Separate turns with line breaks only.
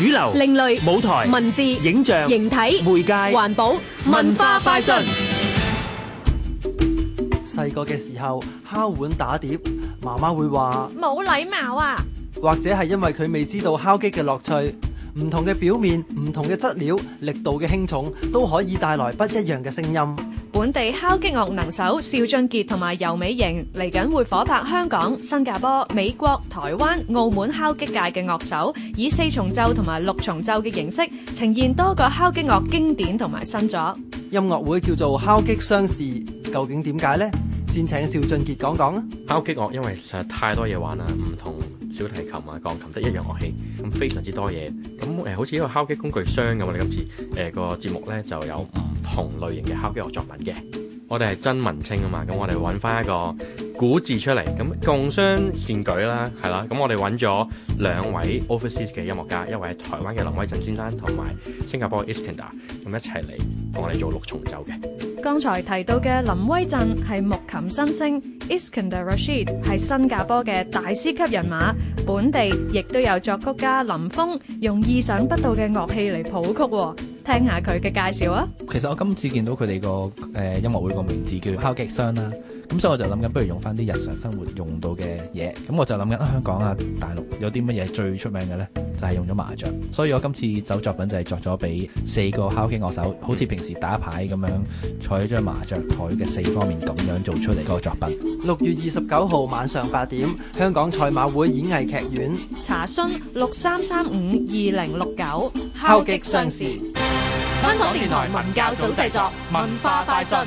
主流、另類舞台、文字、影像、形體、
媒介、環保、文化快
訊。細個嘅時候，敲碗打碟，媽媽會話
冇禮貌啊。
或者係因為佢未知道敲擊嘅樂趣，唔同嘅表面、唔同嘅質料、力度嘅輕重，都可以帶來不一樣嘅聲音。
本地敲擊樂能手邵俊杰同埋游美瑩嚟緊會火拍香港、新加坡、美國、台灣、澳門敲擊界嘅樂手，以四重奏同埋六重奏嘅形式呈現多個敲擊樂經典同埋新作。
音樂會叫做敲擊雙視，究竟點解呢？先請邵俊杰講講
吖。敲擊樂因為實在太多嘢玩啦，唔同小提琴啊、鋼琴得一樣樂器，咁非常之多嘢。咁誒，好似一個敲擊工具箱咁啊！我哋今次誒個節目咧就有五。同類型嘅考音樂作品嘅，我哋係真文青啊嘛，咁我哋揾翻一個古字出嚟，咁共襄善舉啦，係啦，咁我哋揾咗兩位 Overseas 嘅音樂家，一位係台灣嘅林威震先生，同埋新加坡 Iskander，、e、咁一齊嚟同我哋做六重奏嘅。
剛才提到嘅林威震係木琴新星，Iskander、e、Rashid 係新加坡嘅大師級人馬，本地亦都有作曲家林峯用意想不到嘅樂器嚟譜曲。聽下佢嘅介紹啊！
其實我今次見到佢哋個誒音樂會個名字叫敲擊箱啦，咁、嗯、所以我就諗緊，不如用翻啲日常生活用到嘅嘢。咁、嗯、我就諗緊、啊，香港啊大陸有啲乜嘢最出名嘅呢？就係、是、用咗麻將，所以我今次走作品就係作咗俾四個敲擊樂手，好似平時打牌
咁樣，坐喺張麻將台嘅四方面咁樣做出嚟個作品。六月二十九號晚上八點，香港賽馬會演藝劇院，
查詢六三三五二零六九敲擊箱時。香港電台文教組製作《文化快訊》。